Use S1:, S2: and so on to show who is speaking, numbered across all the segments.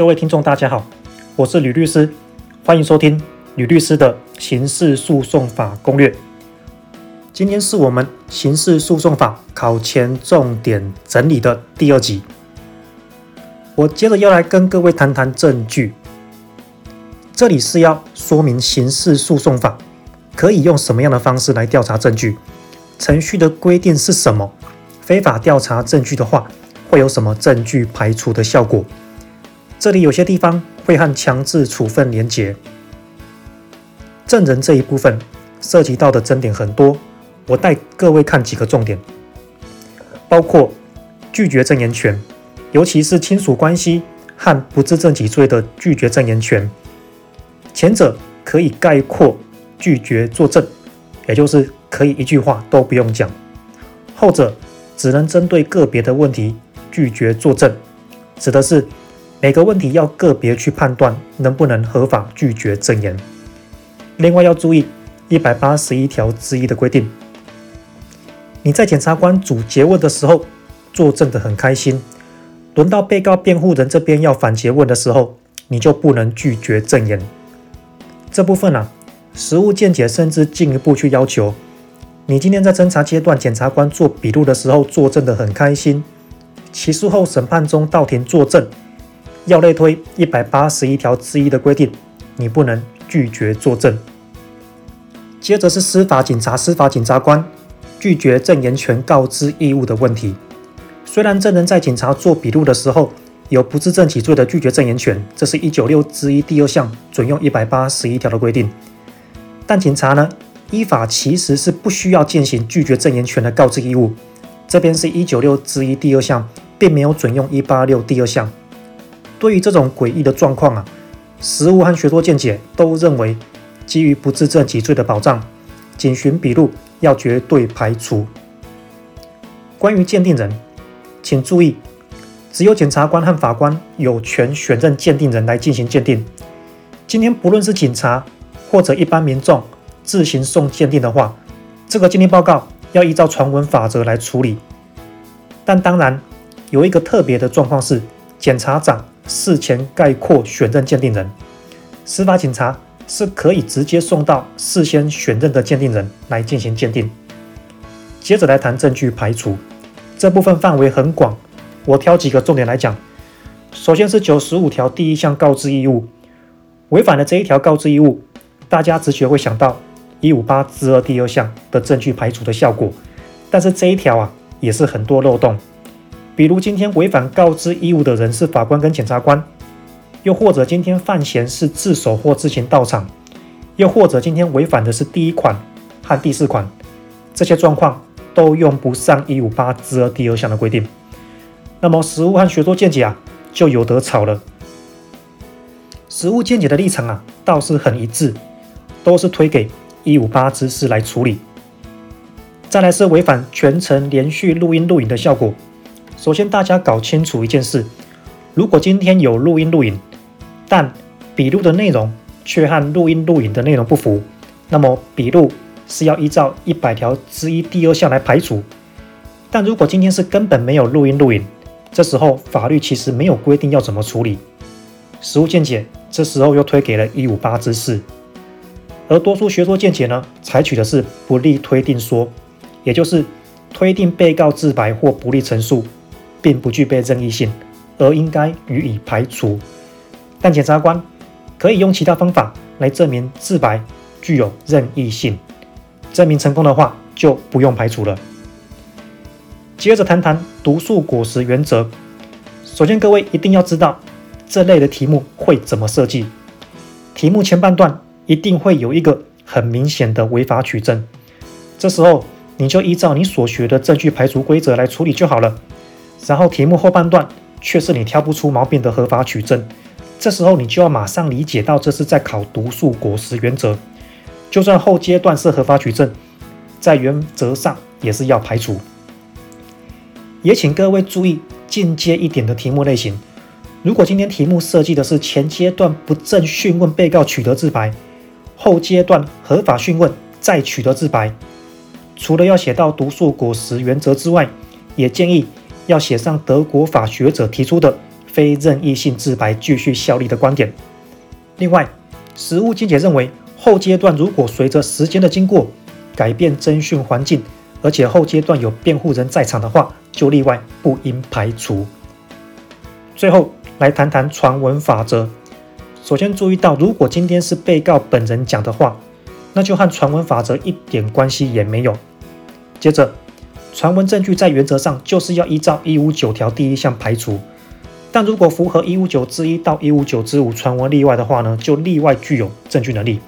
S1: 各位聽眾，大家好，我是呂律師，歡迎收聽呂律師的《刑事訴訟法攻略》。今天是我們刑事訴訟法考前重點整理的第二集。我接着要來跟各位談談證據。這裡是要說明刑事訴訟法可以用什麼樣的方式來調查證據，程序的規定是什麼？非法調查證據的話，會有什麼證據排除的效果？這裡有些地方會和強制處分連結。證人這一部分涉及到的爭點很多，我帶各位看幾個重點，包括拒絕證言權，尤其是親屬關係和不自證己罪的拒絕證言權。前者可以概括拒絕作證，也就是可以一句話都不用講；後者只能針對個別的問題拒絕作證，指的是。每個問題要個別去判斷，能不能合法拒絕證言。另外要注意一百八十一條之一的規定。你在檢察官主詰問的時候作證得很開心，輪到被告辯護人這邊要反詰問的時候，你就不能拒絕證言。這部分呢、啊，實務見解甚至進一步去要求，你今天在偵查階段檢察官做筆錄的時候作證得很開心，起訴後審判中到庭作證，要類推一百八十一條之一的規定，你不能拒絕作證。接着是司法警察、司法警察官拒絕證言權告知義務的問題。雖然證人在警察做筆錄的時候有不自證己罪的拒絕證言權，這是《一九六之一》第二項準用一百八十一條的規定，但警察呢依法其實是不需要進行拒絕證言權的告知義務。這邊是《一九六之一》第二項，並沒有準用《一八六》第二項。對於這種詭異的狀況啊，實務和學說見解都認為，基於不自證己罪的保障，警詢筆錄要絕對排除。關於鑑定人，請注意，只有檢察官和法官有權選任鑑定人來進行鑑定。今天不論是警察或者一般民眾自行送鑑定的話，這個鑑定報告要依照傳聞法則來處理。但當然有一個特別的狀況是，檢察長。事前概括選任鑑定人，司法警察是可以直接送到事先選任的鑑定人來進行鑑定。接着來談證據排除，這部分範圍很廣，我挑幾個重點來講。首先是九十五條第一項告知義務，違反了這一條告知義務，大家直覺會想到一五八之二第二項的證據排除的效果，但是這一條啊也是很多漏洞。比如今天違反告知義務的人是法官跟檢察官，又或者今天犯嫌是自首或自行到場，又或者今天違反的是第一款和第四款，這些狀況都用不上一五八之二第二項的規定。那麼實務和學說見解啊就有得吵了。實務見解的立場啊倒是很一致，都是推給一五八之四來處理。再來是違反全程連續錄音錄影的效果。首先，大家搞清楚一件事：如果今天有錄音錄影，但筆錄的內容卻和錄音錄影的內容不符，那麼筆錄是要依照一百條之一第二項來排除。但如果今天是根本沒有錄音錄影，這時候法律其實沒有規定要怎麼處理。實務見解這時候又推給了一五八之四，而多數學說見解呢，採取的是不利推定說，也就是推定被告自白或不利陳述。並不具備任意性，而應該予以排除。但檢察官可以用其他方法來證明自白具有任意性，證明成功的話就不用排除了。接着談談毒樹果實原則。首先，各位一定要知道這類的題目會怎麼設計。題目前半段一定會有一個很明顯的違法取證，這時候你就依照你所學的證據排除規則來處理就好了。然後題目後半段卻是你挑不出毛病的合法取證，這時候你就要馬上理解到這是在考毒樹果實原則。就算後階段是合法取證，在原則上也是要排除。也請各位注意進階一點的題目類型。如果今天題目設計的是前階段不正訊問被告取得自白，後階段合法訊問再取得自白，除了要寫到毒樹果實原則之外，也建議。要寫上德國法學者提出的非任意性自白繼續效力的觀點。另外，實務見解認為，後階段如果隨着時間的經過改變偵訊環境，而且後階段有辯護人在場的話，就例外不應排除。最後來談談傳聞法則。首先注意到，如果今天是被告本人講的話，那就和傳聞法則一點關係也沒有。接着。傳聞證據在原則上就是要依照一五九條第一項排除，但如果符合一五九之一到一五九之五傳聞例外的話呢，就例外具有證據能力。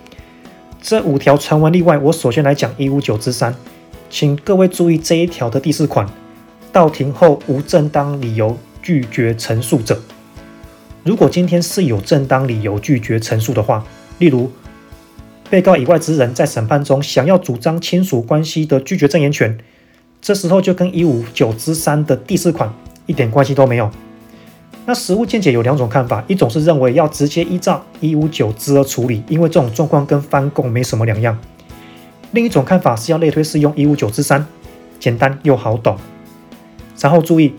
S1: 這五條傳聞例外，我首先來講一五九之三，3，請各位注意這一條的第四款：到庭後無正當理由拒絕陳述者。如果今天是有正當理由拒絕陳述的話，例如被告以外之人，在審判中想要主張親屬關係的拒絕證言權。這時候就跟一五九之三的第四款一點關係都沒有。那實務見解有兩種看法，一種是認為要直接依照一五九之二處理，因為這種狀況跟翻供沒什麼兩樣；另一種看法是要類推適用一五九之三，3，簡單又好懂。然後注意，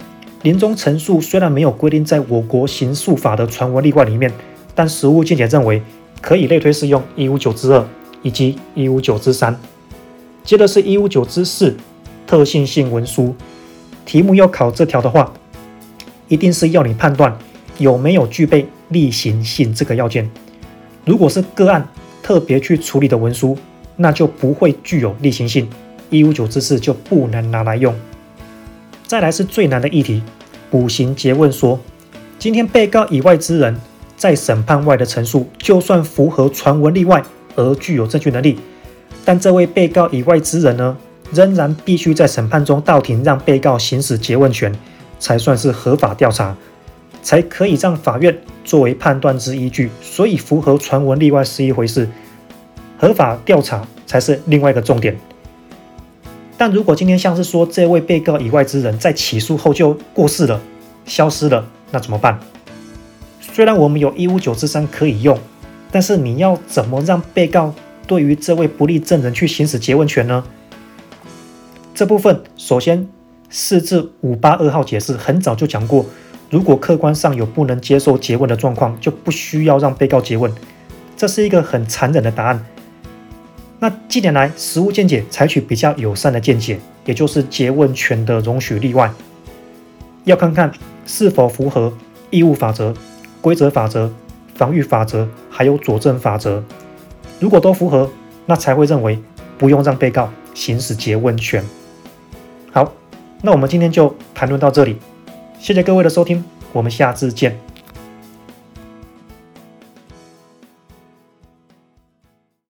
S1: 臨終陳述雖然沒有規定在我國刑訴法的傳聞例外裡面，但實務見解認為可以類推適用一五九之二以及一五九之三。接着是一五九之四。4, 特信性文書，題目要考這條的話，一定是要你判斷有沒有具備例行性這個要件。如果是個案特別去處理的文書，那就不會具有例行性，一五九之四就不能拿來用。再來是最難的議題，補行詰問說：今天被告以外之人，在審判外的陳述，就算符合傳聞例外而具有證據能力，但這位被告以外之人呢？仍然必須在審判中到庭，讓被告行使詰問權，才算是合法調查，才可以讓法院作為判斷之依據。所以，符合傳聞例外是一回事，合法調查才是另外一個重點。但如果今天像是說這位被告以外之人，在起訴後就過世了、消失了，那怎麼辦？雖然我們有一五九之三可以用，但是你要怎麼讓被告對於這位不利證人去行使詰問權呢？這部分首先，四至五八二號解釋很早就講過，如果客觀上有不能接受詰問的狀況，就不需要讓被告詰問。這是一個很殘忍的答案。那近年來實務見解採取比較友善的見解，也就是詰問權的容許例外，要看看是否符合義務法則、規則法則、防禦法則，還有佐證法則。如果都符合，那才會認為不用讓被告行使詰問權。好，那我們今天就談論到這裡。謝謝各位的收聽，我們下次見。